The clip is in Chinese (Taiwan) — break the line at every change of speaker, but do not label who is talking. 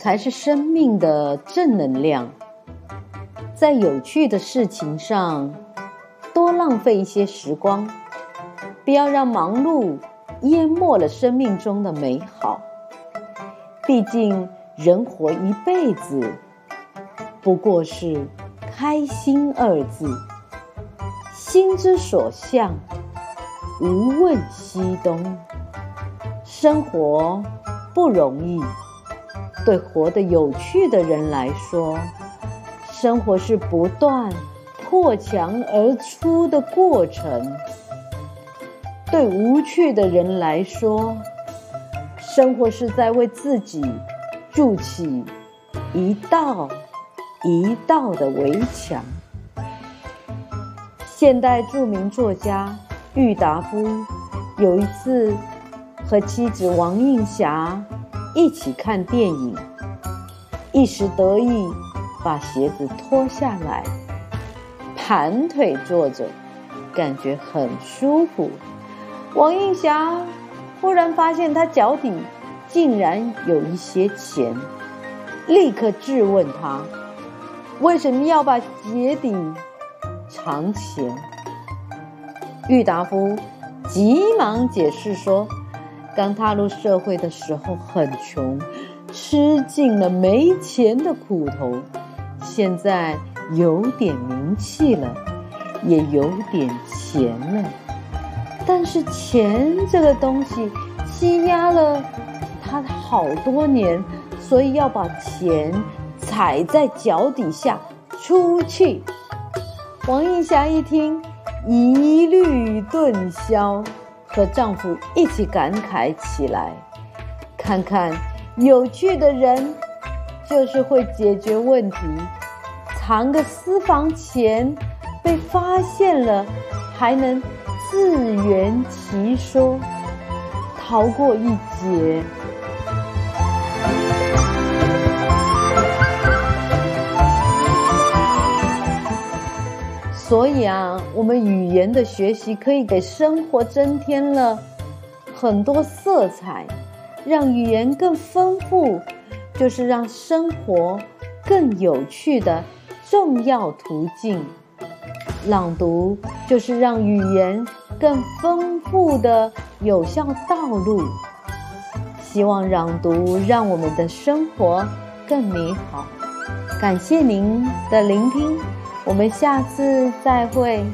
才是生命的正能量。在有趣的事情上多浪費一些時光，不要讓忙碌淹沒了生命中的美好。畢竟人活一輩子，不過是開心二字。心之所向，無問西東。生活不容易。對活得有趣的人來說，生活是不斷破牆而出的過程；對無趣的人來說，生活是在為自己築起一道一道的圍牆。現代著名作家郁達夫，有一次和妻子王映霞，一起看電影，一時得意，把鞋子脫下來，盤腿坐着，感覺很舒服。王映霞忽然發現他腳底竟然有一些錢，立刻質問他，為什麼要把鞋底藏錢？郁達夫急忙解釋說。剛踏入社會的時候很窮，吃盡了沒錢的苦頭。現在有點名氣了，也有點錢了，但是錢這個東西欺壓了他好多年，所以要把錢踩在腳底下出氣。王映霞一聽，疑慮頓消。和丈夫一起感慨起來。看看，有趣的人，就是會解決問題。藏個私房錢，被發現了，還能自圓其說，逃過一劫。所以啊，我們語言的學習可以給生活增添了很多色彩，讓語言更豐富，就是讓生活更有趣的重要途徑。朗讀就是讓語言更豐富的有效道路。希望朗讀讓我們的生活更美好。感謝您的聆聽。我們下次再會。